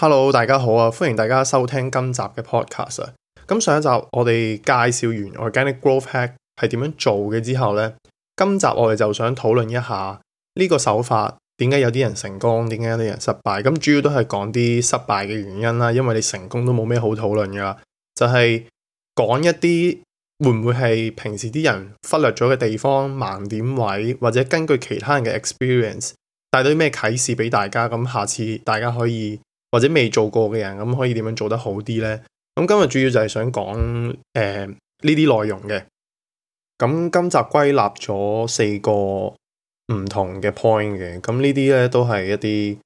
Hello，大家好啊！歡迎大家收聽今集嘅 podcast。咁上一集我哋介紹完 organic growth hack 係點樣做嘅之後呢，今集我哋就想討論一下呢個手法點解有啲人成功，點解有啲人失敗。咁主要都係講啲失敗嘅原因啦，因為你成功都冇咩好討論噶，就係、是、講一啲會唔會係平時啲人忽略咗嘅地方盲點位，或者根據其他人嘅 experience 帶到啲咩啟示俾大家。咁下次大家可以。或者未做過嘅人，咁可以點樣做得好啲呢？咁今日主要就係想講誒呢啲內容嘅。咁今集歸納咗四個唔同嘅 point 嘅。咁呢啲呢，都係一啲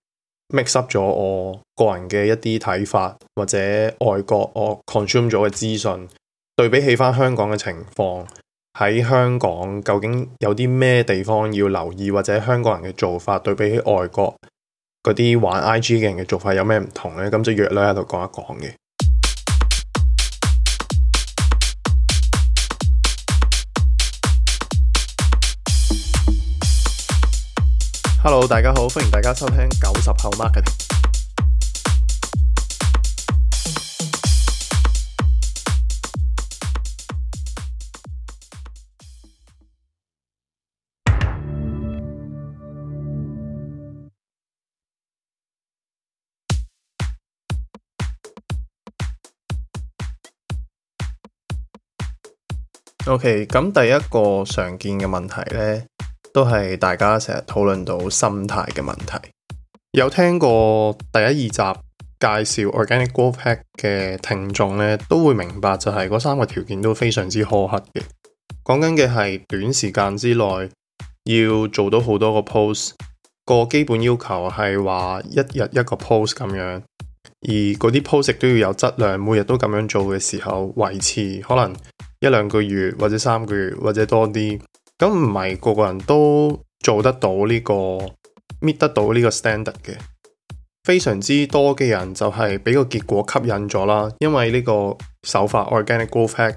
mix up 咗我個人嘅一啲睇法，或者外國我 consume 咗嘅資訊，對比起返香港嘅情況。喺香港究竟有啲咩地方要留意，或者香港人嘅做法對比起外國？嗰啲玩 IG 嘅人嘅做法有咩唔同咧？咁就約兩喺度講一講嘅。Hello，大家好，歡迎大家收聽九十後 Marketing。O.K. 咁第一個常見嘅問題呢，都係大家成日討論到心態嘅問題。有聽過第一二集介紹 organic growth hack 嘅聽眾呢，都會明白就係嗰三個條件都非常之苛刻嘅。講緊嘅係短時間之內要做到好多個 post，個基本要求係話一日一個 post 咁樣，而嗰啲 post 都要有質量，每日都咁樣做嘅時候維持可能。一兩個月或者三個月或者多啲，咁唔係個個人都做得到呢個 meet 得到呢個 standard 嘅。非常之多嘅人就係俾個結果吸引咗啦，因為呢個手法 organic growth hack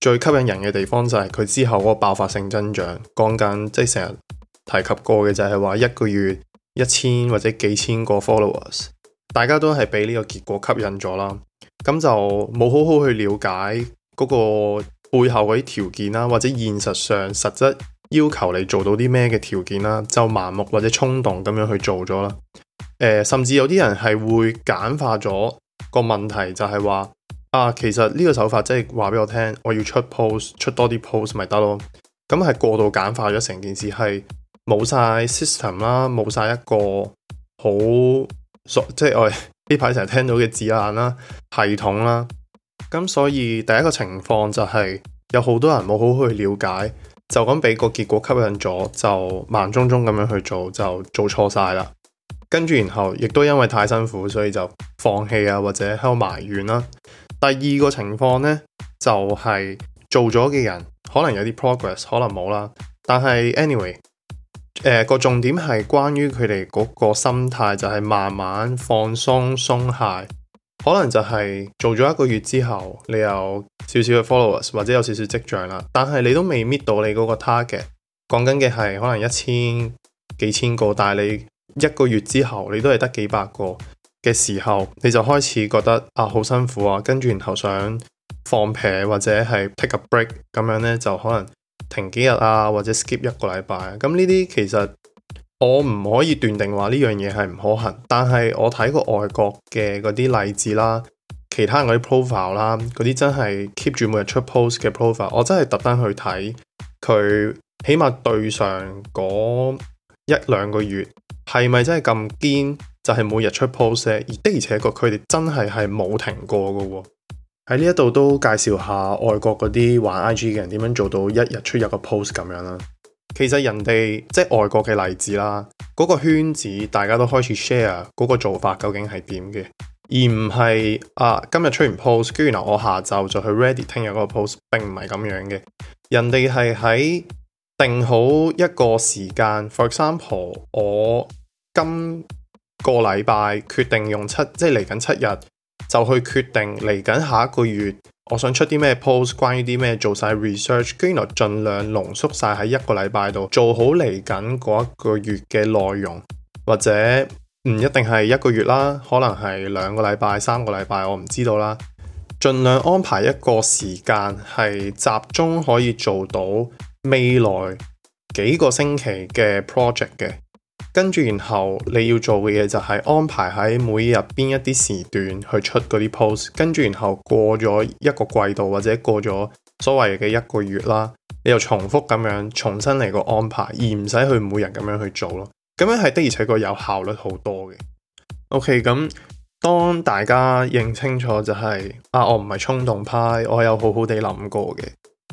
最吸引人嘅地方就係佢之後嗰個爆發性增長。講緊即係成日提及過嘅就係話一個月一千或者幾千個 followers，大家都係俾呢個結果吸引咗啦。咁就冇好好去了解嗰個。背後嗰啲條件啦，或者現實上實質要求你做到啲咩嘅條件啦，就盲目或者衝動咁樣去做咗啦。誒、呃，甚至有啲人係會簡化咗個問題就，就係話啊，其實呢個手法即係話俾我聽，我要出 post 出多啲 post 咪得咯。咁係過度簡化咗成件事，係冇晒 system 啦，冇晒一個好熟，即係我呢排成日聽到嘅字眼啦，系統啦。咁所以第一個情況就係有好多人冇好好去了解，就咁俾個結果吸引咗，就盲舂舂咁樣去做，就做錯晒啦。跟住然後亦都因為太辛苦，所以就放棄啊，或者喺度埋怨啦、啊。第二個情況呢，就係、是、做咗嘅人可能有啲 progress，可能冇啦。但係 anyway，誒、呃、個重點係關於佢哋嗰個心態，就係慢慢放鬆鬆懈。可能就係做咗一個月之後，你有少少嘅 followers 或者有少少跡象啦，但係你都未 meet 到你嗰個 target。講緊嘅係可能一千幾千個，但係你一個月之後你都係得幾百個嘅時候，你就開始覺得啊，好辛苦啊，跟住然後想放平或者係 take a break 咁樣呢，就可能停幾日啊或者 skip 一個禮拜。咁呢啲其實～我唔可以斷定話呢樣嘢係唔可行，但係我睇過外國嘅嗰啲例子啦，其他人嗰啲 profile 啦，嗰啲真係 keep 住每日出 post 嘅 profile，我真係特登去睇佢，起碼對上嗰一兩個月係咪真係咁堅，就係、是、每日出 post，而的而且確佢哋真係係冇停過噶喎。喺呢一度都介紹下外國嗰啲玩 IG 嘅人點樣做到一日出一個 post 咁樣啦。其實人哋即係外國嘅例子啦，嗰、嗰個圈子大家都開始 share 嗰個做法究竟係點嘅，而唔係啊今日出完 post，跟住然後我下晝就去 ready，聽日嗰個 post，並唔係咁樣嘅。人哋係喺定好一個時間，For example，我今個禮拜決定用七，即係嚟緊七日，就去決定嚟緊下，下一個月。我想出啲咩 post，關於啲咩做晒 research，居然又盡量濃縮晒喺一個禮拜度，做好嚟緊嗰一個月嘅內容，或者唔一定係一個月啦，可能係兩個禮拜、三個禮拜，我唔知道啦。盡量安排一個時間係集中可以做到未來幾個星期嘅 project 嘅。跟住然後你要做嘅嘢就係安排喺每日邊一啲時段去出嗰啲 post，跟住然後過咗一個季度或者過咗所謂嘅一個月啦，你又重複咁樣重新嚟個安排，而唔使去每日咁樣去做咯。咁樣係的而且確有效率好多嘅。OK，咁當大家認清楚就係、是、啊，我唔係衝動派，我有好好地諗過嘅。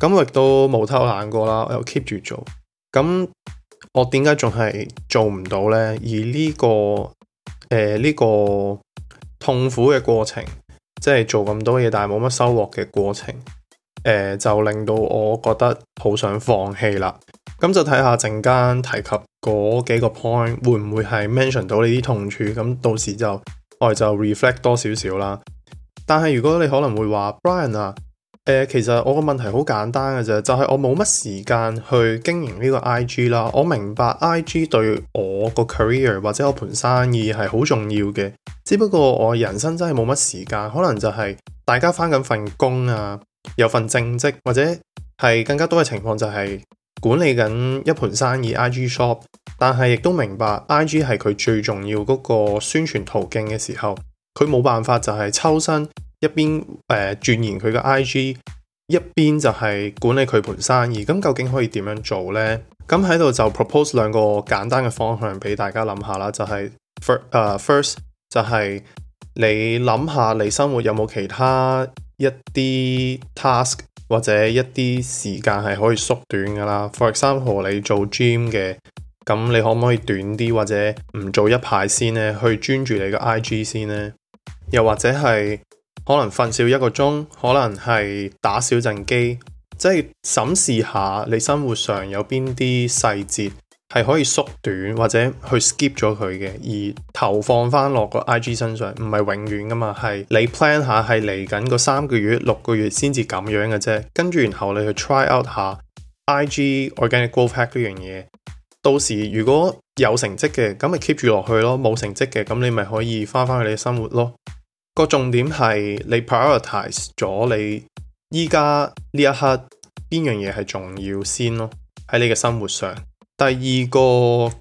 咁我亦都冇偷懶過啦，我又 keep 住做。咁我點解仲係做唔到呢？而呢、這個誒呢、呃這個痛苦嘅過程，即係做咁多嘢，但係冇乜收穫嘅過程，誒、呃、就令到我覺得好想放棄啦。咁就睇下陣間提及嗰幾個 point 會唔會係 mention 到你啲痛處，咁到時就我哋就 reflect 多少少啦。但係如果你可能會話 Brian 啊。誒、呃，其實我個問題好簡單嘅啫，就係、是、我冇乜時間去經營呢個 I G 啦。我明白 I G 對我個 career 或者我盤生意係好重要嘅，只不過我人生真係冇乜時間。可能就係大家返緊份工啊，有份正職，或者係更加多嘅情況就係管理緊一盤生意 I G shop，但係亦都明白 I G 係佢最重要嗰個宣傳途徑嘅時候，佢冇辦法就係抽身。一邊誒鑽研佢嘅 I.G，一邊就係管理佢盤生意。咁究竟可以點樣做呢？咁喺度就 propose 兩個簡單嘅方向俾大家諗下啦。就係 first，誒 first 就係你諗下你生活有冇其他一啲 task 或者一啲時間係可以縮短噶啦。For example，你做 gym 嘅，咁你可唔可以短啲或者唔做一排先呢？去專注你嘅 I.G 先呢？又或者係。可能瞓少一個鐘，可能係打少陣機，即係審視下你生活上有邊啲細節係可以縮短或者去 skip 咗佢嘅，而投放翻落個 I G 身上，唔係永遠噶嘛，係你 plan 下係嚟緊個三個月、六個月先至咁樣嘅啫。跟住然後你去 try out 下 I G organic growth hack 呢樣嘢，到時如果有成績嘅，咁咪 keep 住落去咯；冇成績嘅，咁你咪可以翻翻去你嘅生活咯。個重點係你 prioritize 咗你依家呢一刻邊樣嘢係重要先咯，喺你嘅生活上。第二個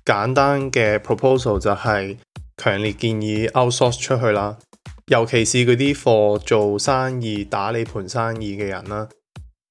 簡單嘅 proposal 就係強烈建議 outsource 出去啦，尤其是嗰啲貨做生意、打理盤生意嘅人啦。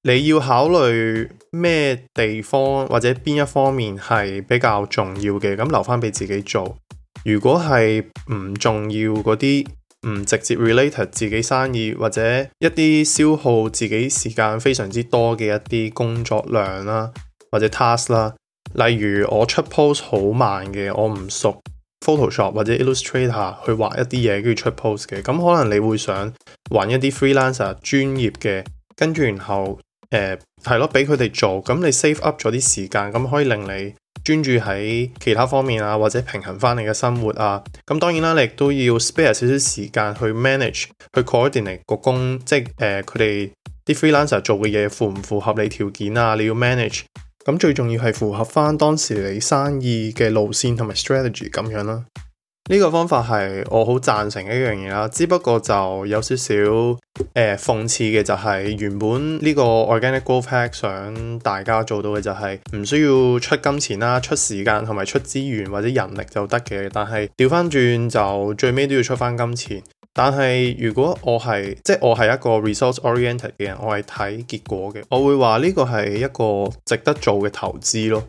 你要考慮咩地方或者邊一方面係比較重要嘅，咁留翻俾自己做。如果係唔重要嗰啲，唔直接 related 自己生意或者一啲消耗自己時間非常之多嘅一啲工作量啦，或者 task 啦。例如我出 post 好慢嘅，我唔熟 Photoshop 或者 Illustrator 去畫一啲嘢，跟住出 post 嘅，咁可能你會想揾一啲 freelancer 專業嘅，跟住然後誒，係咯俾佢哋做，咁你 save up 咗啲時間，咁可以令你。專注喺其他方面啊，或者平衡翻你嘅生活啊。咁當然啦，你亦都要 spare 少少時間去 manage，去 coordinate 個工，即係呃、佢哋啲 freelancer 做嘅嘢符唔符合你條件啊？你要 manage。咁最重要係符合翻當時你生意嘅路線同埋 strategy 咁樣啦。呢個方法係我好贊成一樣嘢啦，只不過就有少少誒諷、呃、刺嘅就係、是、原本呢個 Organic Growth Hack 想大家做到嘅就係唔需要出金錢啦、出時間同埋出資源或者人力就得嘅，但係調翻轉就最尾都要出翻金錢。但係如果我係即係我係一個 resource oriented 嘅人，我係睇結果嘅，我會話呢個係一個值得做嘅投資咯。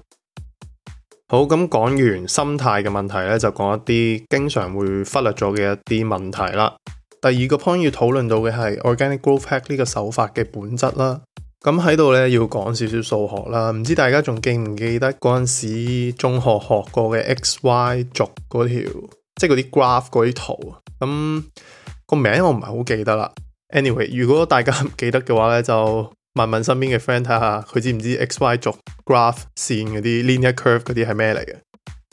好，咁講完心態嘅問題咧，就講一啲經常會忽略咗嘅一啲問題啦。第二個 point 要討論到嘅係 organic growth hack 呢個手法嘅本質啦。咁喺度咧要講少少數學啦。唔知大家仲記唔記得嗰陣時中學學過嘅 x y 軸嗰條，即係嗰啲 graph 嗰啲圖。咁個名我唔係好記得啦。Anyway，如果大家唔記得嘅話咧就。問問身邊嘅 friend 睇下佢知唔知 x、y 軸 graph 線嗰啲 linear curve 嗰啲係咩嚟嘅？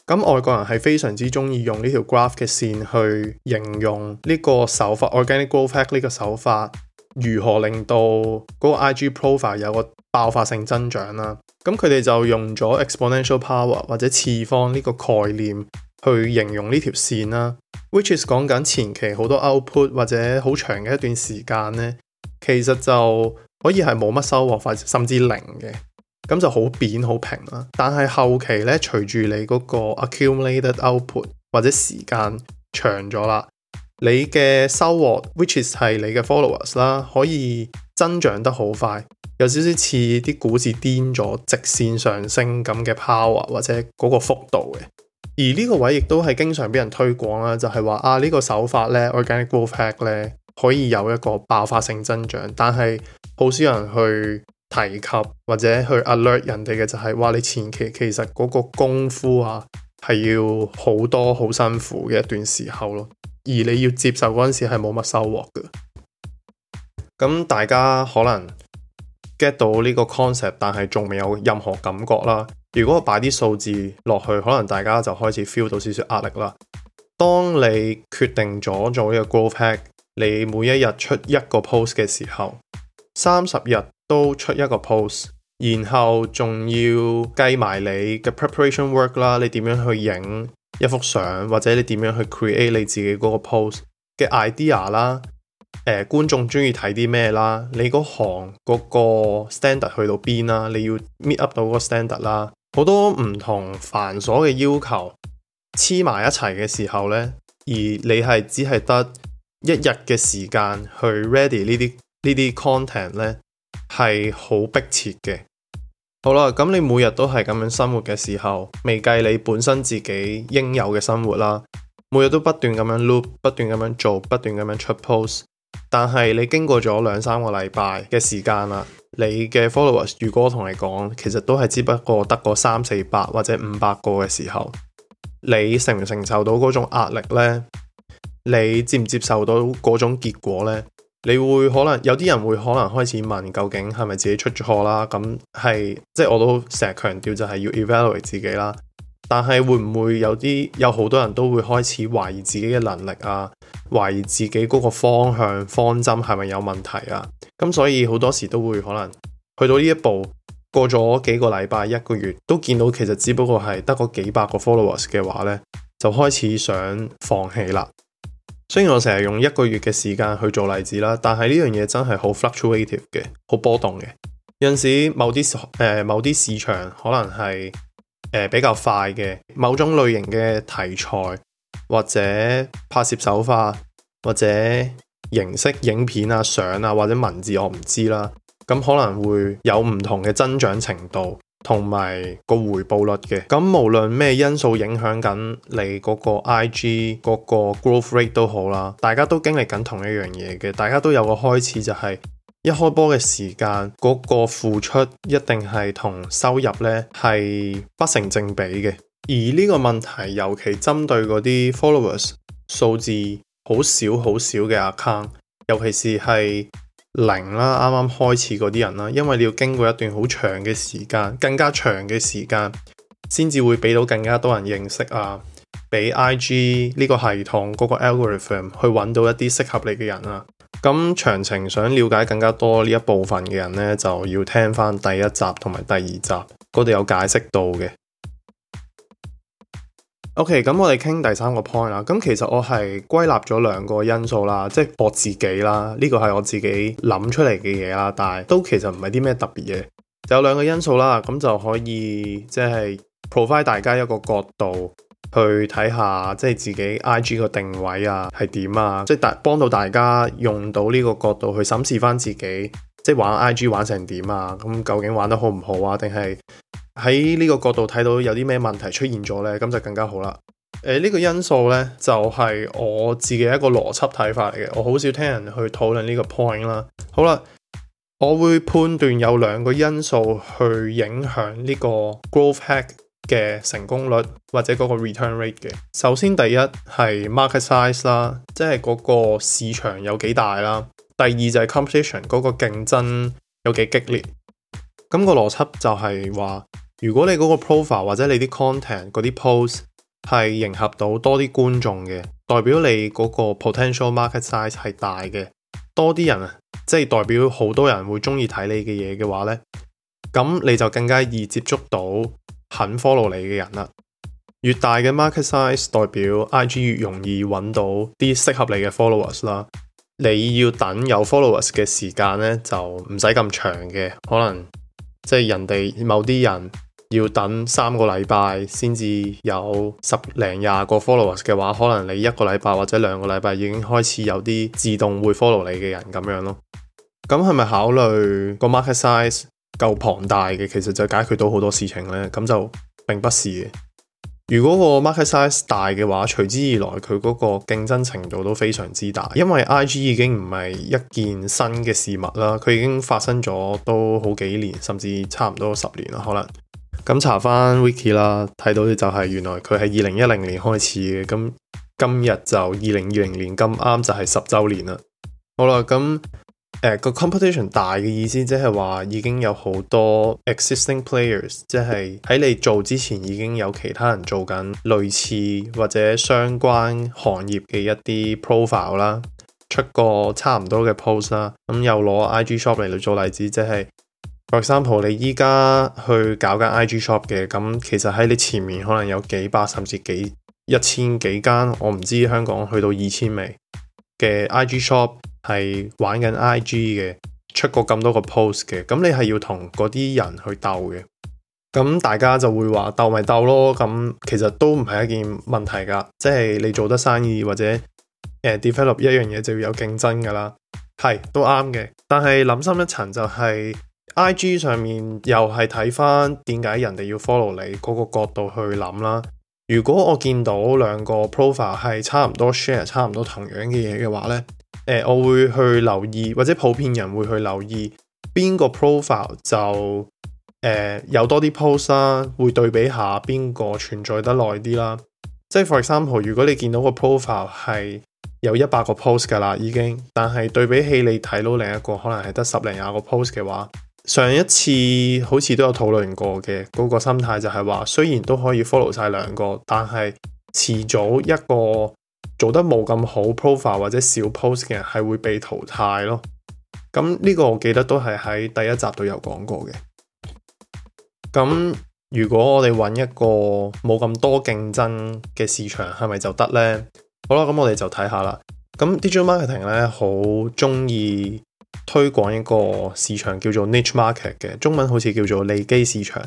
咁外國人係非常之中意用呢條 graph 嘅線去形容呢個手法，Organic Growth Hack 呢個手法如何令到嗰個 IG profile 有個爆發性增長啦、啊？咁佢哋就用咗 exponential power 或者次方呢個概念去形容呢條線啦、啊，which is 講緊前期好多 output 或者好長嘅一段時間咧，其實就。可以係冇乜收穫，或者甚至零嘅，咁就好扁好平啦。但係後期咧，隨住你嗰個 accumulated output 或者時間長咗啦，你嘅收穫，which is 係你嘅 followers 啦，可以增長得好快，有少少似啲股市癲咗直線上升咁嘅 power 或者嗰個幅度嘅。而呢個位亦都係經常俾人推廣啦，就係話啊，呢個手法咧，Organic Growth Hack 咧。可以有一個爆發性增長，但係好少人去提及或者去 alert 人哋嘅就係話：哇，你前期其實嗰個功夫啊，係要好多好辛苦嘅一段時候咯。而你要接受嗰陣時係冇乜收穫嘅。咁大家可能 get 到呢個 concept，但係仲未有任何感覺啦。如果我擺啲數字落去，可能大家就開始 feel 到少少壓力啦。當你決定咗做呢個 growth hack。你每一日出一個 post 嘅時候，三十日都出一個 post，然後仲要計埋你嘅 preparation work 啦。你點樣去影一幅相，或者你點樣去 create 你自己嗰個 post 嘅 idea 啦？誒、呃，觀眾中意睇啲咩啦？你嗰行嗰個 standard 去到邊啦？你要 meet up 到嗰個 standard 啦。好多唔同繁瑣嘅要求黐埋一齊嘅時候呢，而你係只係得。一日嘅時間去 ready 呢啲呢啲 content 咧，係好迫切嘅。好啦，咁你每日都係咁樣生活嘅時候，未計你本身自己應有嘅生活啦，每日都不斷咁樣 loop，不斷咁樣做，不斷咁樣出 post。但係你經過咗兩三個禮拜嘅時間啦，你嘅 followers，如果我同你講，其實都係只不過得個三四百或者五百個嘅時候，你承唔承受到嗰種壓力呢？你接唔接受到嗰種結果呢？你會可能有啲人會可能開始問，究竟係咪自己出錯啦？咁係即係我都成日強調就係要 evaluate 自己啦。但係會唔會有啲有好多人都會開始懷疑自己嘅能力啊？懷疑自己嗰個方向方針係咪有問題啊？咁所以好多時都會可能去到呢一步，過咗幾個禮拜一個月，都見到其實只不過係得嗰幾百個 followers 嘅話呢，就開始想放棄啦。雖然我成日用一個月嘅時間去做例子啦，但係呢樣嘢真係好 fluctuating 嘅，好波動嘅。有陣時某啲誒、呃、某啲市場可能係誒、呃、比較快嘅，某種類型嘅題材或者拍攝手法或者形式影片啊、相啊或者文字，我唔知啦。咁可能會有唔同嘅增長程度。同埋個回報率嘅，咁無論咩因素影響緊你嗰個 IG 嗰個 growth rate 都好啦，大家都經歷緊同一樣嘢嘅，大家都有個開始就係一開波嘅時間嗰個付出一定係同收入呢係不成正比嘅，而呢個問題尤其針對嗰啲 followers 數字好少好少嘅 account，尤其是係。零啦，啱啱開始嗰啲人啦，因為你要經過一段好長嘅時間，更加長嘅時間，先至會畀到更加多人認識啊，畀 I G 呢個系統嗰個 algorithm 去揾到一啲適合你嘅人啊。咁詳情想了解更加多呢一部分嘅人咧，就要聽翻第一集同埋第二集，嗰度有解釋到嘅。OK，咁我哋傾第三個 point 啊，咁其實我係歸納咗兩個因素啦，即係我自己啦，呢、這個係我自己諗出嚟嘅嘢啦，但係都其實唔係啲咩特別嘢，就有兩個因素啦，咁就可以即係、就是、provide 大家一個角度去睇下，即、就、係、是、自己 I G 個定位啊係點啊，即係大幫到大家用到呢個角度去審視翻自己，即、就、係、是、玩 I G 玩成點啊，咁究竟玩得好唔好啊，定係？喺呢個角度睇到有啲咩問題出現咗呢，咁就更加好啦。誒、呃，呢、這個因素呢，就係、是、我自己一個邏輯睇法嚟嘅，我好少聽人去討論呢個 point 啦。好啦，我會判斷有兩個因素去影響呢個 growth hack 嘅成功率或者嗰個 return rate 嘅。首先，第一係 market size 啦，即係嗰個市場有幾大啦。第二就係 competition 嗰個競爭有幾激烈。咁、那個邏輯就係話。如果你嗰個 profile 或者你啲 content 嗰啲 post 係迎合到多啲觀眾嘅，代表你嗰個 potential market size 係大嘅，多啲人啊，即係代表好多人會中意睇你嘅嘢嘅話咧，咁你就更加易接觸到肯 follow 你嘅人啦。越大嘅 market size 代表 IG 越容易揾到啲適合你嘅 followers 啦。你要等有 followers 嘅時間咧，就唔使咁長嘅，可能即係人哋某啲人，要等三個禮拜先至有十零廿個 followers 嘅話，可能你一個禮拜或者兩個禮拜已經開始有啲自動會 follow 你嘅人咁樣咯。咁係咪考慮個 market size 夠龐大嘅，其實就解決到好多事情呢？咁就並不是嘅。如果個 market size 大嘅話，隨之而來，佢嗰個競爭程度都非常之大，因為 IG 已經唔係一件新嘅事物啦，佢已經發生咗都好幾年，甚至差唔多十年啦，可能。咁查翻 wiki 啦，睇到嘅就係原來佢係二零一零年開始嘅，咁今日就二零二零年咁啱就係十周年啦。好啦，咁誒個、呃、competition 大嘅意思，即係話已經有好多 existing players，即係喺你做之前已經有其他人做緊類似或者相關行業嘅一啲 profile 啦，出過差唔多嘅 post 啦，咁又攞 IG shop 嚟做例子，即係。舉個三例，For example，你依家去搞緊 IG shop 嘅，咁其實喺你前面可能有幾百甚至幾一千幾間，我唔知香港去到二千未嘅 IG shop 係玩緊 IG 嘅，出過咁多個 post 嘅，咁你係要同嗰啲人去鬥嘅，咁大家就會話鬥咪鬥咯。咁其實都唔係一件問題㗎，即係你做得生意或者誒、呃、develop 一樣嘢就要有競爭㗎啦，係都啱嘅。但係諗深一層就係、是。I.G 上面又係睇翻點解人哋要 follow 你嗰個角度去諗啦。如果我見到兩個 profile 係差唔多 share、差唔多同樣嘅嘢嘅話呢，誒、呃，我會去留意，或者普遍人會去留意邊個 profile 就誒、呃、有多啲 post 啦，會對比下邊個存在得耐啲啦。即係 for example，如果你見到個 profile 係有一百個 post 噶啦，已經，但係對比起你睇到另一個可能係得十零廿個 post 嘅話，上一次好似都有討論過嘅嗰個心態就係話，雖然都可以 follow 曬兩個，但係遲早一個做得冇咁好 profile 或者少 post 嘅人係會被淘汰咯。咁呢個我記得都係喺第一集度有講過嘅。咁如果我哋揾一個冇咁多競爭嘅市場係咪就得呢？好啦，咁我哋就睇下啦。咁 digital marketing 咧好中意。推廣一個市場叫做 niche market 嘅，中文好似叫做利基市場，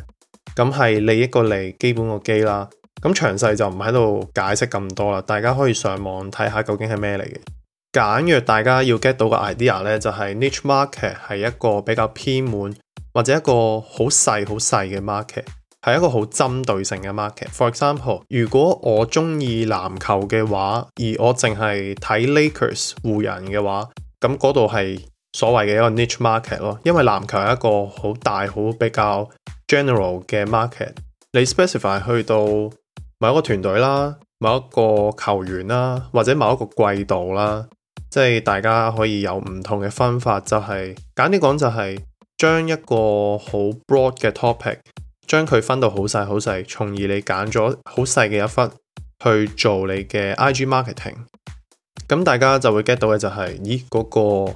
咁係利一個利，基本個基啦。咁詳細就唔喺度解釋咁多啦，大家可以上網睇下究竟係咩嚟嘅。簡約大家要 get 到個 idea 咧，就係 niche market 係一個比較偏門或者一個好細好細嘅 market，係一個好針對性嘅 market。For example，如果我中意籃球嘅話，而我淨係睇 Lakers 湖人嘅話，咁嗰度係。所謂嘅一個 niche market 咯，因為籃球係一個好大好比較 general 嘅 market，你 specify 去到某一個團隊啦、某一個球員啦，或者某一個季度啦，即係大家可以有唔同嘅分法，就係簡啲講就係將一個好 broad 嘅 topic，將佢分到好細好細，從而你揀咗好細嘅一忽去做你嘅 IG marketing，咁大家就會 get 到嘅就係，咦嗰個。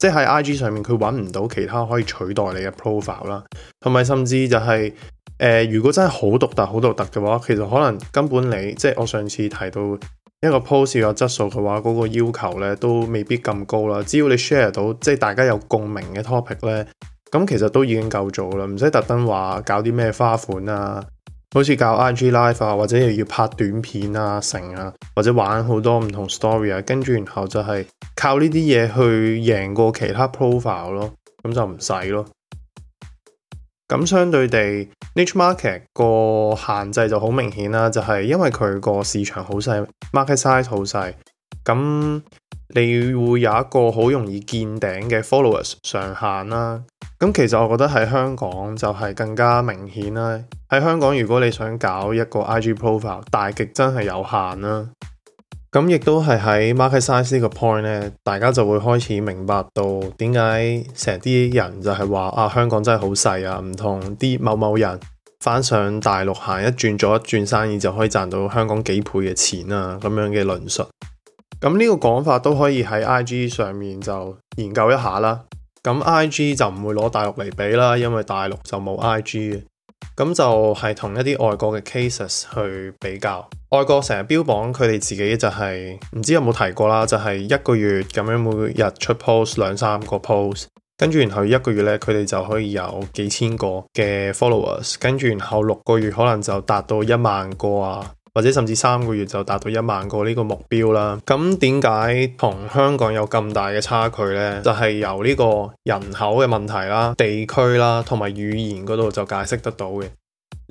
即係 IG 上面佢揾唔到其他可以取代你嘅 profile 啦，同埋甚至就係、是、誒、呃，如果真係好獨特好獨特嘅話，其實可能根本你即係我上次提到一個 post 嘅質素嘅話，嗰、那個要求呢都未必咁高啦。只要你 share 到即係大家有共鳴嘅 topic 呢，咁其實都已經夠做啦，唔使特登話搞啲咩花款啊。好似教 I G Live 啊，或者又要拍短片啊成啊，或者玩好多唔同 story 啊，跟住然後就係靠呢啲嘢去贏過其他 profile 咯，咁就唔使咯。咁相對地，niche market 個限制就好明顯啦，就係因為佢個市場好細，market size 好細，咁。你會有一個好容易見頂嘅 followers 上限啦，咁其實我覺得喺香港就係更加明顯啦。喺香港如果你想搞一個 IG profile，大極真係有限啦。咁亦都係喺 market size 呢個 point 咧，大家就會開始明白到點解成日啲人就係話啊，香港真係好細啊，唔同啲某某人翻上大陸行一轉做一轉生意就可以賺到香港幾倍嘅錢啊咁樣嘅論述。咁呢個講法都可以喺 IG 上面就研究一下啦。咁 IG 就唔會攞大陸嚟比啦，因為大陸就冇 IG 嘅。咁就係同一啲外國嘅 cases 去比較。外國成日標榜佢哋自己就係唔知有冇提過啦，就係一個月咁樣每日出 post 兩三個 post，跟住然後一個月咧佢哋就可以有幾千個嘅 followers，跟住然後六個月可能就達到一萬個啊。或者甚至三個月就達到一萬個呢個目標啦。咁點解同香港有咁大嘅差距呢？就係由呢個人口嘅問題啦、地區啦同埋語言嗰度就解釋得到嘅。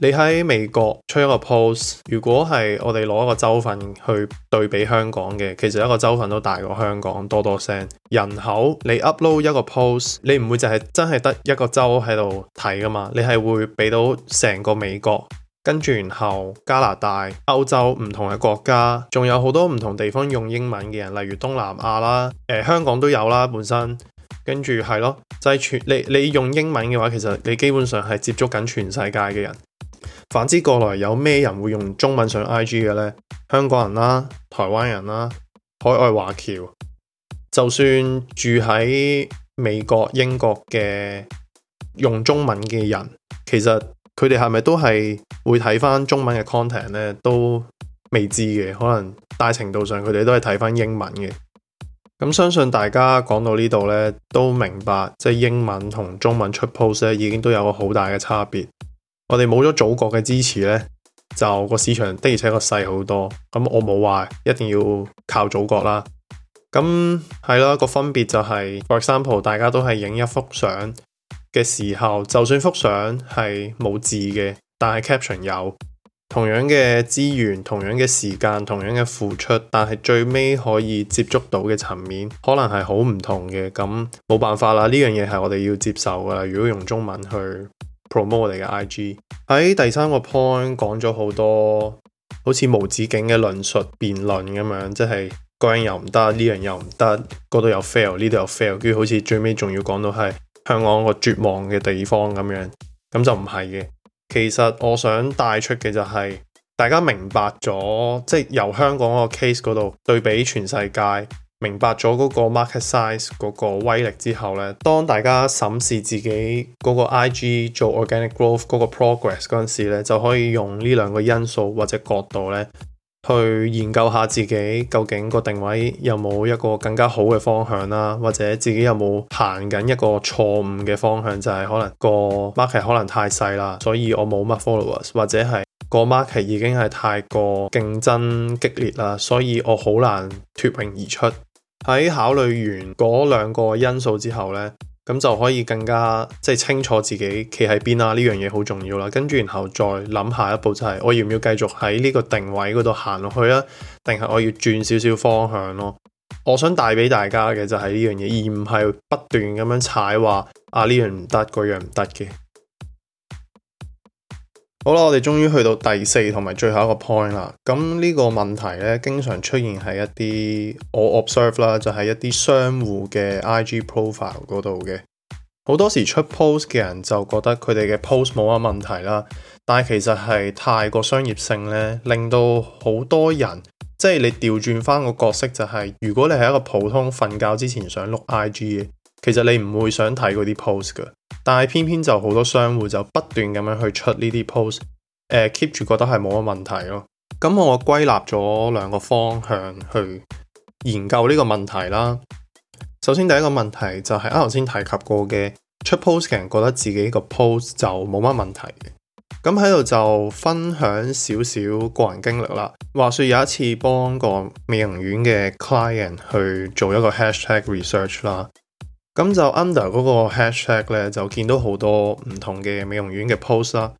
你喺美國出一個 post，如果係我哋攞一個州份去對比香港嘅，其實一個州份都大過香港多多聲。人口你 upload 一個 post，你唔會就係真係得一個州喺度睇噶嘛？你係會俾到成個美國。跟住，然後加拿大、歐洲唔同嘅國家，仲有好多唔同地方用英文嘅人，例如東南亞啦，誒、呃、香港都有啦，本身跟住係咯，就係、是、全你你用英文嘅話，其實你基本上係接觸緊全世界嘅人。反之過來，有咩人會用中文上 IG 嘅呢？香港人啦，台灣人啦，海外華僑，就算住喺美國、英國嘅用中文嘅人，其實。佢哋係咪都係會睇翻中文嘅 content 咧？都未知嘅，可能大程度上佢哋都係睇翻英文嘅。咁相信大家講到呢度咧，都明白即係、就是、英文同中文出 post 咧，已經都有個好大嘅差別。我哋冇咗祖國嘅支持咧，就個市場的而且確細好多。咁我冇話一定要靠祖國啦。咁係啦，個分別就係、是、for example 大家都係影一幅相。嘅時候，就算幅相係冇字嘅，但係 caption 有，同樣嘅資源、同樣嘅時間、同樣嘅付出，但係最尾可以接觸到嘅層面，可能係好唔同嘅。咁冇辦法啦，呢樣嘢係我哋要接受噶啦。如果用中文去 promote 我哋嘅 IG，喺第三個 point 講咗好多，好似無止境嘅論述、辯論咁樣，即係嗰人又唔得，呢樣又唔得，嗰度又 fail，呢度又 fail，跟住好似最尾仲要講到係。香港個絕望嘅地方咁樣，咁就唔係嘅。其實我想帶出嘅就係、是，大家明白咗，即、就、係、是、由香港個 case 嗰度對比全世界，明白咗嗰個 market size 嗰個威力之後咧，當大家審視自己嗰個 IG 做 organic growth 嗰個 progress 嗰陣時咧，就可以用呢兩個因素或者角度咧。去研究下自己究竟個定位有冇一個更加好嘅方向啦，或者自己有冇行緊一個錯誤嘅方向，就係可能個 market 可能太細啦，所以我冇乜 followers，或者係個 market 已經係太過競爭激烈啦，所以我好難脫穎而出。喺考慮完嗰兩個因素之後咧。咁就可以更加即係、就是、清楚自己企喺邊啊。呢樣嘢好重要啦。跟住，然後再諗下一步就係、是，我要唔要繼續喺呢個定位嗰度行落去啊？定係我要轉少少方向咯。我想帶俾大家嘅就係呢樣嘢，而唔係不斷咁樣踩話啊。呢樣唔得，嗰樣唔得嘅。好啦，我哋終於去到第四同埋最後一個 point 啦。咁呢個問題呢，經常出現喺一啲我 observe 啦，就係、是、一啲商戶嘅 IG profile 嗰度嘅。好多時出 post 嘅人就覺得佢哋嘅 post 冇乜問題啦，但係其實係太過商業性呢，令到好多人即係你調轉翻個角色、就是，就係如果你係一個普通瞓覺之前想碌 IG 嘅。其實你唔會想睇嗰啲 post 㗎，但係偏偏就好多商戶就不斷咁樣去出呢啲 post，誒 keep 住覺得係冇乜問題咯。咁我歸納咗兩個方向去研究呢個問題啦。首先第一個問題就係啱頭先提及過嘅出 post 嘅人覺得自己個 post 就冇乜問題。咁喺度就分享少少個人經歷啦。話說有一次幫個美容院嘅 client 去做一個 hashtag research 啦。咁就 under 嗰個 hashtag 咧，就見到好多唔同嘅美容院嘅 post 啦。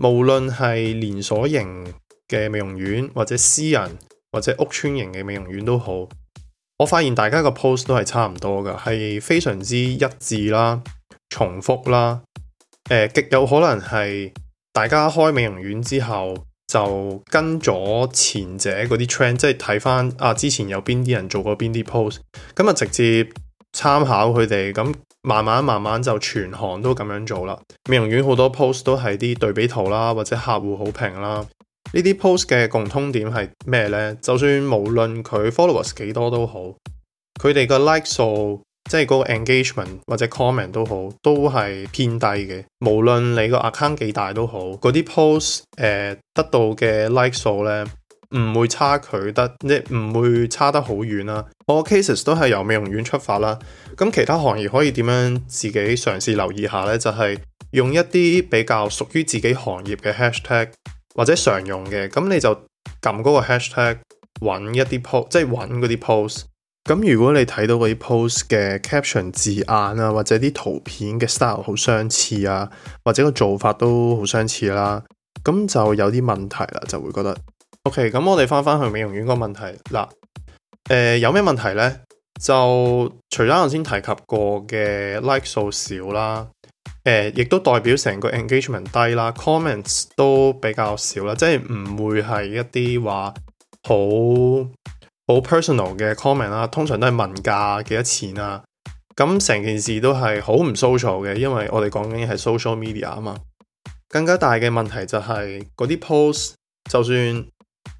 無論係連鎖型嘅美容院，或者私人，或者屋村型嘅美容院都好，我發現大家個 post 都係差唔多噶，係非常之一致啦、重複啦。誒、呃，極有可能係大家開美容院之後就跟咗前者嗰啲 trend，即係睇翻啊之前有邊啲人做過邊啲 post，咁啊直接。參考佢哋咁，慢慢慢慢就全行都咁樣做啦。美容院好多 post 都係啲對比圖啦，或者客戶好評啦。呢啲 post 嘅共通點係咩呢？就算無論佢 followers 幾多都好，佢哋、like 就是、個 like 數，即係嗰個 engagement 或者 comment 都好，都係偏低嘅。無論你個 account 幾大都好，嗰啲 post 誒、呃、得到嘅 like 數呢。唔會差距得，即唔會差得好遠啦。我 cases 都係由美容院出發啦。咁其他行業可以點樣自己嘗試留意下呢，就係用一啲比較屬於自己行業嘅 hashtag 或者常用嘅，咁你就撳嗰個 hashtag，揾一啲 post，即係揾嗰啲 post。咁如果你睇到嗰啲 post 嘅 caption 字眼啊，或者啲圖片嘅 style 好相似啊，或者個做法都好相似啦，咁就有啲問題啦，就會覺得。OK，咁我哋翻翻去美容院個問題嗱，誒、呃、有咩問題呢？就除咗我先提及過嘅 likes 數少啦，誒、呃、亦都代表成個 engagement 低啦，comments 都比較少啦，即係唔會係一啲話好好 personal 嘅 comment 啦，通常都係問價幾多錢啊，咁成件事都係好唔 social 嘅，因為我哋講緊係 social media 啊嘛。更加大嘅問題就係嗰啲 post 就算。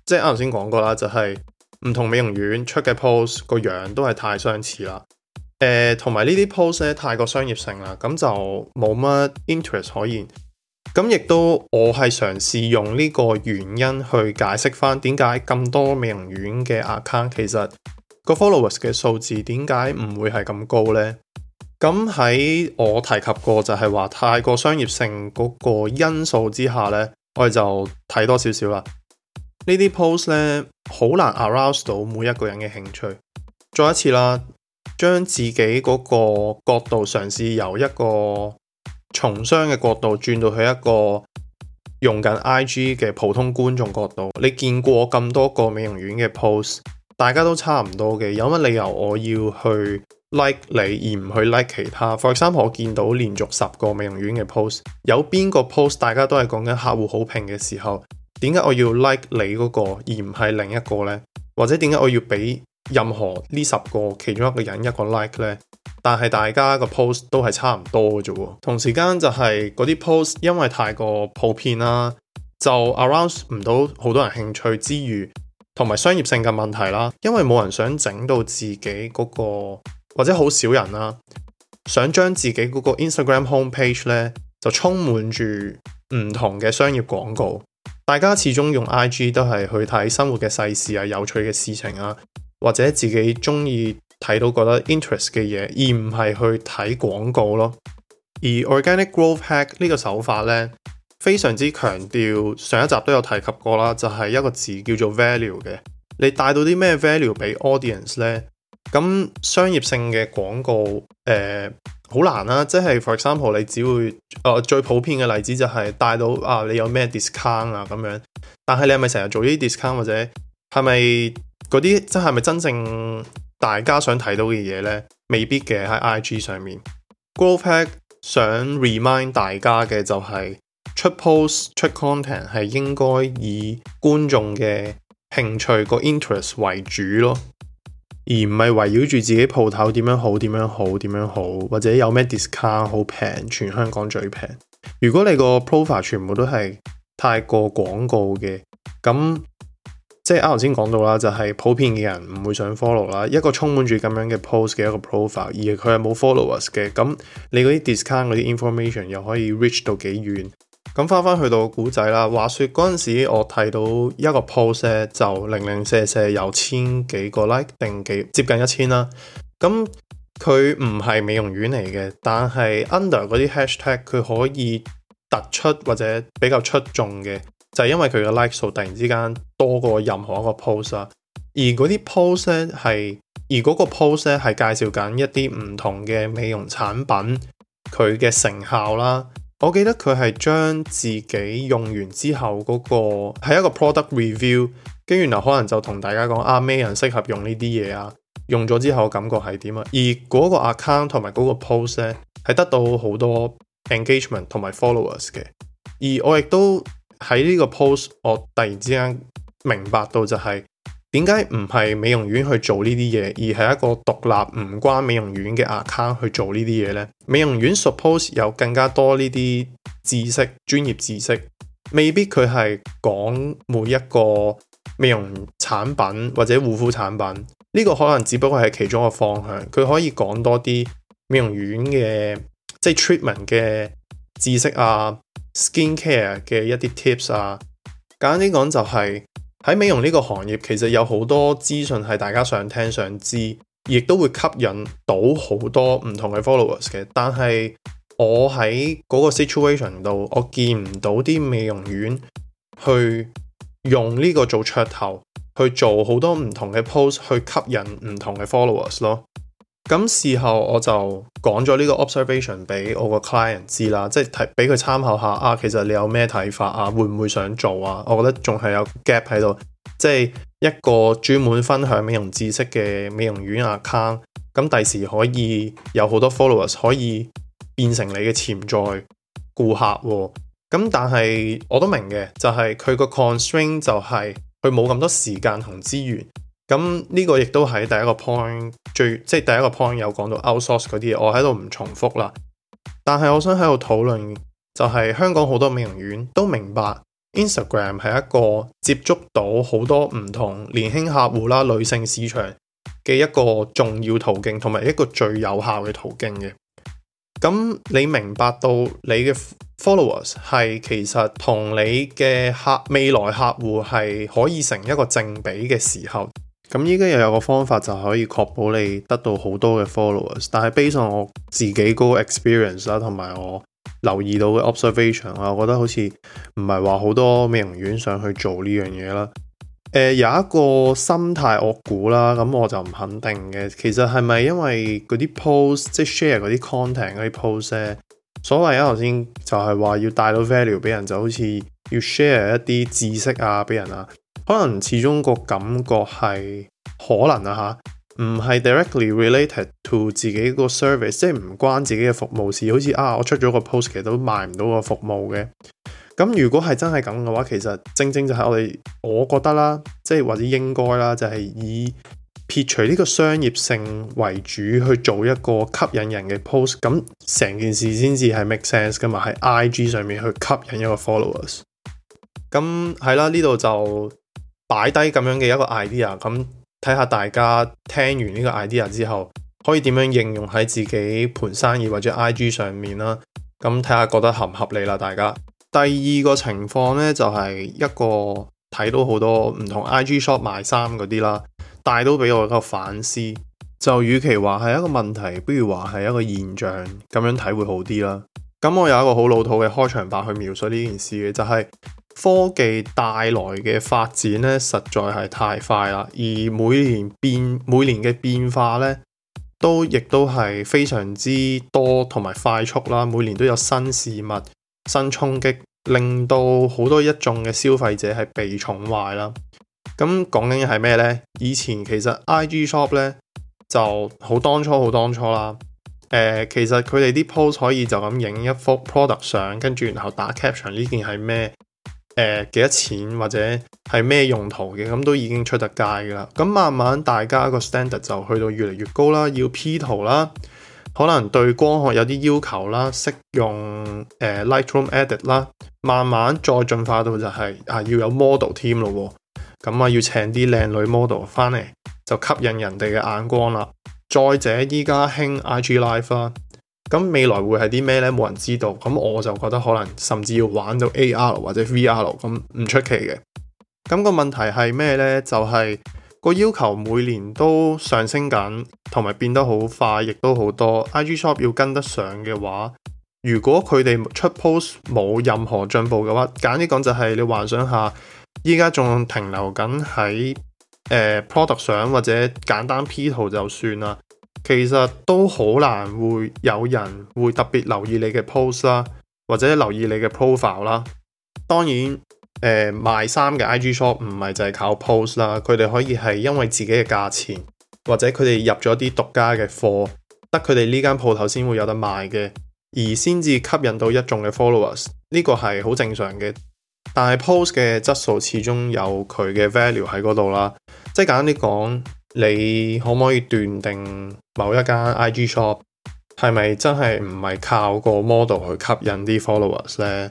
即係啱頭先講過啦，就係、是、唔同美容院出嘅 post 個樣都係太相似啦，誒、呃，同埋呢啲 post 咧太過商業性啦，咁就冇乜 interest 可言。咁亦都我係嘗試用呢個原因去解釋翻點解咁多美容院嘅 account 其實個 followers 嘅數字點解唔會係咁高呢？咁喺我提及過就係話太過商業性嗰個因素之下呢，我哋就睇多少少啦。呢啲 post 咧好難 arouse 到每一個人嘅興趣。再一次啦，將自己嗰個角度嘗試由一個從商嘅角度轉到去一個用緊 IG 嘅普通觀眾角度。你見過咁多個美容院嘅 post，大家都差唔多嘅。有乜理由我要去 like 你而唔去 like 其他？For example，我見到連續十個美容院嘅 post，有邊個 post，大家都係講緊客戶好評嘅時候？點解我要 like 你嗰個而唔係另一個呢？或者點解我要俾任何呢十個其中一個人一個 like 呢？但係大家個 post 都係差唔多嘅啫，同時間就係嗰啲 post 因為太過普遍啦、啊，就 around 唔到好多人興趣之餘，同埋商業性嘅問題啦、啊，因為冇人想整到自己嗰、嗰個或者好少人啦、啊，想將自己嗰個 Instagram homepage 呢就充滿住唔同嘅商業廣告。大家始終用 IG 都係去睇生活嘅世事啊、有趣嘅事情啊，或者自己中意睇到覺得 interest 嘅嘢，而唔係去睇廣告咯。而 Organic Growth Hack 呢個手法咧，非常之強調，上一集都有提及過啦，就係一個字叫做 value 嘅，你帶到啲咩 value 俾 audience 咧？咁商業性嘅廣告，誒、呃，好難啦、啊，即係，for example，你只會，誒、呃，最普遍嘅例子就係帶到啊，你有咩 discount 啊咁樣，但係你係咪成日做呢啲 discount 或者係咪嗰啲，即係咪真正大家想睇到嘅嘢咧？未必嘅。喺 IG 上面，Growth Hack 想 remind 大家嘅就係、是、出 post 出 content 係應該以觀眾嘅興趣個 interest 為主咯。而唔係圍繞住自己鋪頭點樣好點樣好點樣好，或者有咩 discount 好平，全香港最平。如果你個 profile 全部都係太過廣告嘅，咁即係啱頭先講到啦，就係普遍嘅人唔會想 follow 啦。一個充滿住咁樣嘅 post 嘅一個 profile，而佢係冇 followers 嘅，咁你嗰啲 discount 嗰啲 information 又可以 reach 到幾遠？咁翻翻去到古仔啦，話説嗰陣時我睇到一個 post 就零零舍舍有千幾個 like 定幾接近一千啦。咁佢唔係美容院嚟嘅，但係 under 嗰啲 hashtag 佢可以突出或者比較出眾嘅，就係因為佢嘅 like 數突然之間多過任何一個 post 啦。而嗰啲 post 係而嗰個 post 係介紹緊一啲唔同嘅美容產品、佢嘅成效啦。我記得佢係將自己用完之後嗰個係一個 product review，跟住然後可能就同大家講啊，咩人適合用呢啲嘢啊，用咗之後感覺係點啊，而嗰個 account 同埋嗰個 post 呢係得到好多 engagement 同埋 followers 嘅，而我亦都喺呢個 post，我突然之間明白到就係。點解唔係美容院去做呢啲嘢，而係一個獨立唔關美容院嘅 account 去做呢啲嘢呢？美容院 suppose 有更加多呢啲知識、專業知識，未必佢係講每一個美容產品或者護膚產品，呢個可能只不過係其中一個方向。佢可以講多啲美容院嘅即係 treatment 嘅知識啊，skin care 嘅一啲 tips 啊，簡單啲講就係。喺美容呢個行業，其實有好多資訊係大家想聽想知，亦都會吸引到好多唔同嘅 followers 嘅。但係我喺嗰個 situation 度，我見唔到啲美容院去用呢個做噱頭，去做好多唔同嘅 post 去吸引唔同嘅 followers 咯。咁事後我就講咗呢個 observation 俾我個 client 知啦，即係提俾佢參考下啊。其實你有咩睇法啊？會唔會想做啊？我覺得仲係有 gap 喺度，即係一個專門分享美容知識嘅美容院 account，嗯。咁第時可以有好多 followers，可以變成你嘅潛在顧客，啊。咁、嗯、但係我都明嘅，就係、是、佢個 constraint 就係佢冇咁多時間同資源。咁呢個亦都喺第一個 point 最，即係第一個 point 有講到 outsource 嗰啲嘢，我喺度唔重複啦。但係我想喺度討論就係、是、香港好多美容院都明白，Instagram 係一個接觸到好多唔同年輕客戶啦、女性市場嘅一個重要途徑，同埋一個最有效嘅途徑嘅。咁你明白到你嘅 followers 係其實同你嘅客未來客戶係可以成一個正比嘅時候。咁依家又有個方法就可以確保你得到好多嘅 followers，但係 base 上我自己個 experience 啦，同埋我留意到嘅 observation 啊，我覺得好似唔係話好多美容院上去做呢樣嘢啦。誒、呃、有一個心態惡估啦，咁我就唔肯定嘅。其實係咪因為嗰啲 post 即係 share 嗰啲 content 嗰啲 post 咧？所謂啊頭先就係話要帶到 value 俾人，就好似要 share 一啲知識啊俾人啊。可能始終個感覺係可能啊吓，唔係 directly related to 自己個 service，即係唔關自己嘅服務事。好似啊，我出咗個 post 其實都賣唔到個服務嘅。咁如果係真係咁嘅話，其實正正就係我哋我覺得啦，即係或者應該啦，就係以撇除呢個商業性為主去做一個吸引人嘅 post，咁成件事先至係 make sense 噶嘛，喺 IG 上面去吸引一個 followers。咁係啦，呢度就。擺低咁樣嘅一個 idea，咁睇下大家聽完呢個 idea 之後，可以點樣應用喺自己盤生意或者 IG 上面啦。咁睇下覺得合唔合理啦，大家。第二個情況呢，就係一個睇到好多唔同 IG shop 賣衫嗰啲啦，但都俾我一個反思。就與其話係一個問題，不如話係一個現象，咁樣睇會好啲啦。咁我有一個好老土嘅開場白去描述呢件事嘅，就係。科技帶來嘅發展咧，實在係太快啦，而每年變每年嘅變化咧，都亦都係非常之多同埋快速啦。每年都有新事物、新衝擊，令到好多一眾嘅消費者係被寵壞啦。咁講緊係咩咧？以前其實 IG shop 咧就好當初好當初啦，誒、呃，其實佢哋啲 post 可以就咁影一幅 product 相，跟住然後打 caption 呢件係咩？誒，幾、呃、多錢或者係咩用途嘅，咁都已經出得街噶啦。咁慢慢大家個 standard 就去到越嚟越高啦，要 P 圖啦，可能對光學有啲要求啦，適用誒、呃、Lightroom Edit 啦。慢慢再進化到就係、是、啊要有 model 添咯，咁啊要請啲靚女 model 翻嚟就吸引人哋嘅眼光啦。再者，依家興 IG Live 啊。咁未來會係啲咩呢？冇人知道。咁我就覺得可能甚至要玩到 AR 或者 VR 咁唔出奇嘅。咁、那個問題係咩呢？就係、是、個要求每年都上升緊，同埋變得好快，亦都好多 IG shop 要跟得上嘅話，如果佢哋出 post 冇任何進步嘅話，簡直講就係你幻想下，依家仲停留緊喺、呃、product 上或者簡單 P 圖就算啦。其實都好難會有人會特別留意你嘅 post 啦，或者留意你嘅 profile 啦。當然，誒、呃、賣衫嘅 IG shop 唔係就係靠 post 啦，佢哋可以係因為自己嘅價錢，或者佢哋入咗啲獨家嘅貨，得佢哋呢間鋪頭先會有得賣嘅，而先至吸引到一眾嘅 followers。呢個係好正常嘅，但係 post 嘅質素始終有佢嘅 value 喺嗰度啦。即係簡單啲講，你可唔可以斷定？某一間 IG shop 係咪真係唔係靠個 model 去吸引啲 followers 呢？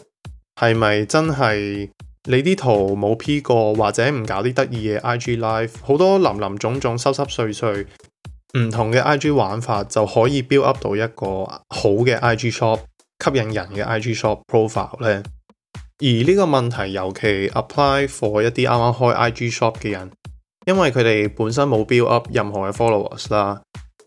係咪真係你啲圖冇 P 過或者唔搞啲得意嘅 IG live？好多林林總總、濕濕碎碎唔同嘅 IG 玩法就可以 build up 到一個好嘅 IG shop 吸引人嘅 IG shop profile 呢？而呢個問題尤其 apply for 一啲啱啱開 IG shop 嘅人，因為佢哋本身冇 build up 任何嘅 followers 啦。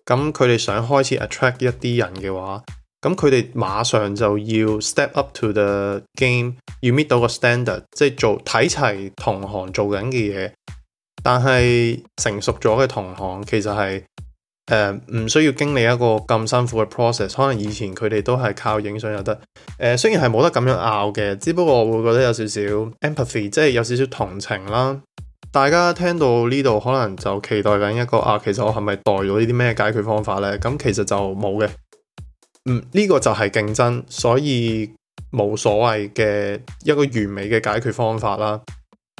咁佢哋想開始 attract 一啲人嘅話，咁佢哋馬上就要 step up to the game，要 meet 到個 standard，即係做睇齊同行做緊嘅嘢。但係成熟咗嘅同行其實係誒唔需要經歷一個咁辛苦嘅 process，可能以前佢哋都係靠影相就得。誒、呃、雖然係冇得咁樣拗嘅，只不過我會覺得有少少 empathy，即係有少少同情啦。大家聽到呢度可能就期待緊一個啊，其實我係咪代咗呢啲咩解決方法呢？咁其實就冇嘅。嗯，呢、個就係競爭，所以冇所謂嘅一個完美嘅解決方法啦。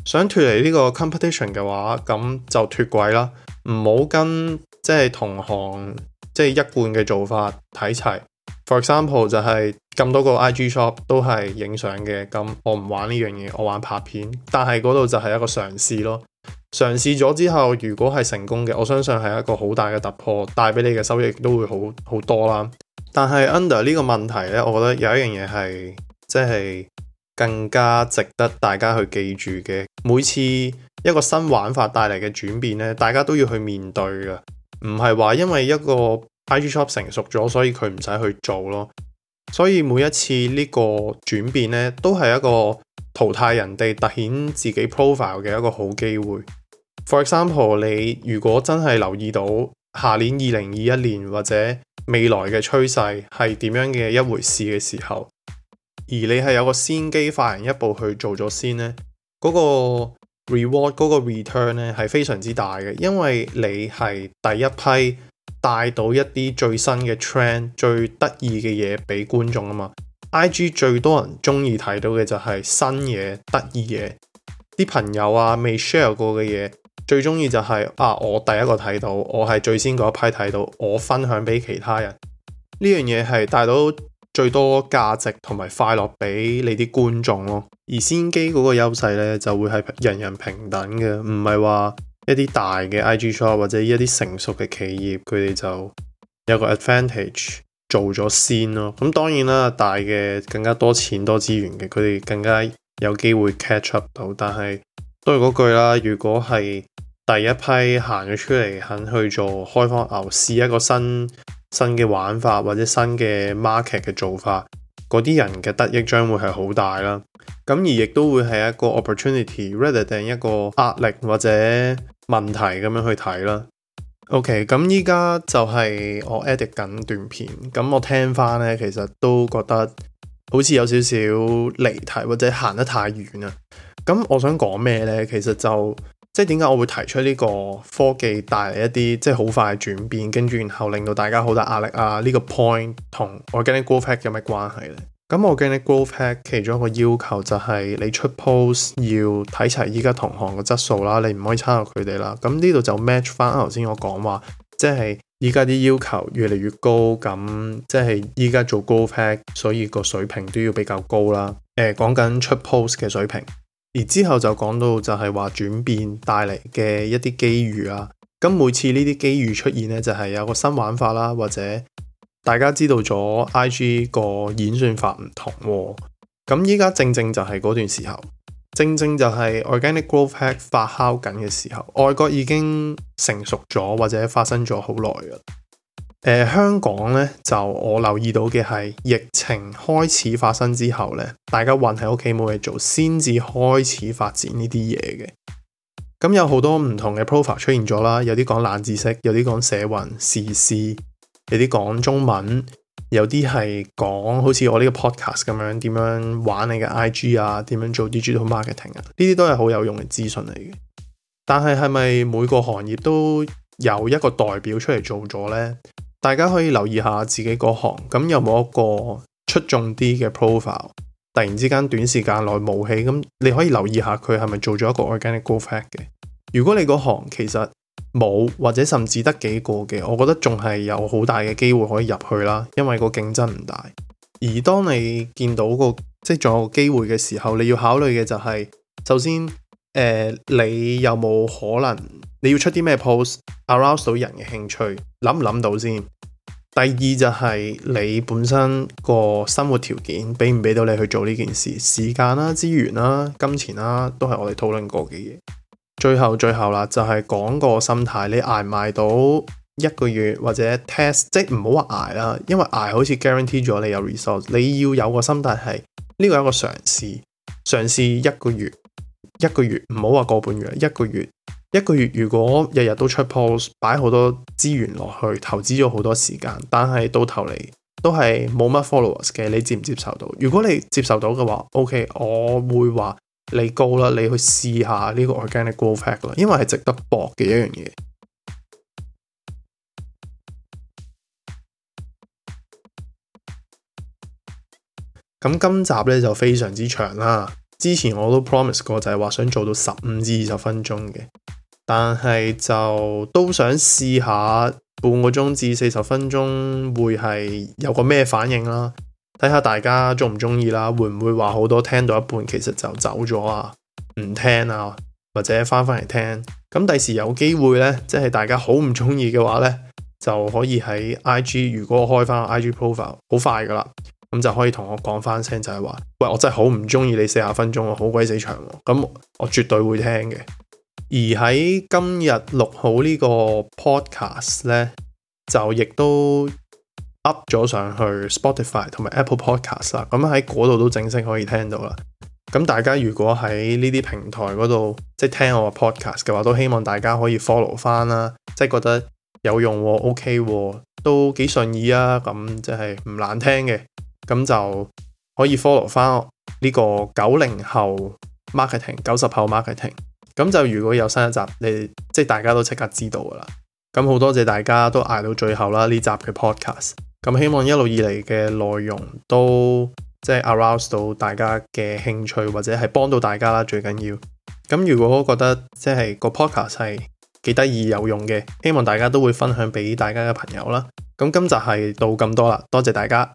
想脫離呢個 competition 嘅話，咁就脫軌啦，唔好跟，即係同行即係一貫嘅做法睇齊。For example，就係咁多個 IG shop 都係影相嘅，咁我唔玩呢樣嘢，我玩拍片。但係嗰度就係一個嘗試咯，嘗試咗之後，如果係成功嘅，我相信係一個好大嘅突破，帶俾你嘅收益都會好好多啦。但係 Under 呢個問題呢，我覺得有一樣嘢係即係更加值得大家去記住嘅。每次一個新玩法帶嚟嘅轉變呢，大家都要去面對㗎，唔係話因為一個。IG shop 成熟咗，所以佢唔使去做咯。所以每一次呢個轉變呢，都係一個淘汰人哋、凸顯自己 profile 嘅一個好機會。For example，你如果真係留意到下年二零二一年或者未來嘅趨勢係點樣嘅一回事嘅時候，而你係有個先機，快人一步去做咗先呢，嗰個 reward、嗰個 return 呢係非常之大嘅，因為你係第一批。帶到一啲最新嘅 trend、最得意嘅嘢俾觀眾啊嘛！IG 最多人中意睇到嘅就係新嘢、得意嘢，啲朋友啊未 share 過嘅嘢，最中意就係、是、啊我第一個睇到，我係最先嗰一批睇到，我分享俾其他人，呢樣嘢係帶到最多價值同埋快樂俾你啲觀眾咯。而先機嗰個優勢呢，就會係人人平等嘅，唔係話。一啲大嘅 I.G. shop 或者一啲成熟嘅企業，佢哋就有個 advantage 做咗先咯。咁當然啦，大嘅更加多錢多資源嘅，佢哋更加有機會 catch up 到。但係都係嗰句啦，如果係第一批行咗出嚟肯去做開荒牛，試一個新新嘅玩法或者新嘅 market 嘅做法，嗰啲人嘅得益將會係好大啦。咁而亦都會係一個 opportunity，rather 定一個壓力或者問題咁樣去睇啦。OK，咁依家就係我 edit 緊段片，咁我聽翻呢，其實都覺得好似有少少離題或者行得太遠啊。咁我想講咩呢？其實就即係點解我會提出呢個科技帶嚟一啲即係好快轉變，跟住然後令到大家好大壓力啊？呢個 point 同 organic growth hack 有咩關係呢？咁我見你 growth hack 其中一個要求就係你出 post 要睇齊依家同行個質素啦，你唔可以差過佢哋啦。咁呢度就 match 翻頭先我講話，即係依家啲要求越嚟越高，咁即係依家做 growth hack，所以個水平都要比較高啦。誒、呃，講緊出 post 嘅水平，而之後就講到就係話轉變帶嚟嘅一啲機遇啦、啊。咁每次呢啲機遇出現呢，就係、是、有個新玩法啦，或者。大家知道咗 IG 個演算法唔同，哦，咁依家正正就係嗰段時候，正正就係 Organic Growth Hack 發酵緊嘅時候，外國已經成熟咗或者發生咗好耐嘅。誒、呃、香港呢，就我留意到嘅係疫情開始發生之後呢，大家韞喺屋企冇嘢做，先至開始發展呢啲嘢嘅。咁有好多唔同嘅 profile 出現咗啦，有啲講冷知識，有啲講社運、時事。有啲講中文，有啲係講好似我呢個 podcast 咁樣，點樣玩你嘅 IG 啊，點樣做 digital marketing 啊，呢啲都係好有用嘅資訊嚟嘅。但係係咪每個行業都有一個代表出嚟做咗呢？大家可以留意下自己個行，咁有冇一個出眾啲嘅 profile，突然之間短時間內冒起，咁你可以留意下佢係咪做咗一個 organic growth hack 嘅。如果你個行其實冇或者甚至得幾個嘅，我覺得仲係有好大嘅機會可以入去啦，因為個競爭唔大。而當你見到個即係仲有個機會嘅時候，你要考慮嘅就係、是，首先誒、呃、你有冇可能你要出啲咩 post arouse 到人嘅興趣，諗唔諗到先？第二就係你本身個生活條件俾唔俾到你去做呢件事，時間啦、啊、資源啦、啊、金錢啦、啊，都係我哋討論過嘅嘢。最後最後啦，就係、是、講個心態。你挨唔挨到一個月或者 test，即係唔好話挨啦，因為挨好似 guarantee 咗你有 resource。你要有個心態係呢個有個嘗試，嘗試一個月，一個月唔好話個半月，一個月一個月。如果日日都出 post，擺好多資源落去，投資咗好多時間，但係到頭嚟都係冇乜 followers 嘅，你接唔接受到？如果你接受到嘅話，OK，我會話。你高啦，你去試下呢個 organic growth hack 啦，因為係值得搏嘅一樣嘢。咁今集呢就非常之長啦，之前我都 promise 過就係話想做到十五至二十分鐘嘅，但係就都想試下半個鐘至四十分鐘會係有個咩反應啦。睇下大家中唔中意啦，會唔會話好多聽到一半其實就走咗啊，唔聽啊，或者翻翻嚟聽。咁第時有機會呢，即係大家好唔中意嘅話呢，就可以喺 IG 如果我開翻個 IG profile，好快噶啦，咁就可以同我講翻聲就，就係話喂，我真係好唔中意你四十分鐘，好鬼死長啊。咁我絕對會聽嘅。而喺今日錄好呢個 podcast 呢，就亦都。Up 咗上去 Spotify 同埋 Apple Podcast 啦，咁喺嗰度都正式可以聽到啦。咁大家如果喺呢啲平台嗰度即係聽我嘅 podcast 嘅話，都希望大家可以 follow 翻啦。即係覺得有用喎，OK，喔都幾順意啊。咁即係唔難聽嘅，咁就可以 follow 翻呢個九零後 marketing，九十後 marketing。咁就如果有新一集，你即係大家都即刻知道噶啦。咁好多謝大家都捱到最後啦呢集嘅 podcast。咁希望一路以嚟嘅內容都即係、就是、arouse 到大家嘅興趣，或者係幫到大家啦，最緊要。咁如果我覺得即係、就是這個 Podcast 係幾得意有用嘅，希望大家都會分享俾大家嘅朋友啦。咁今集係到咁多啦，多謝大家。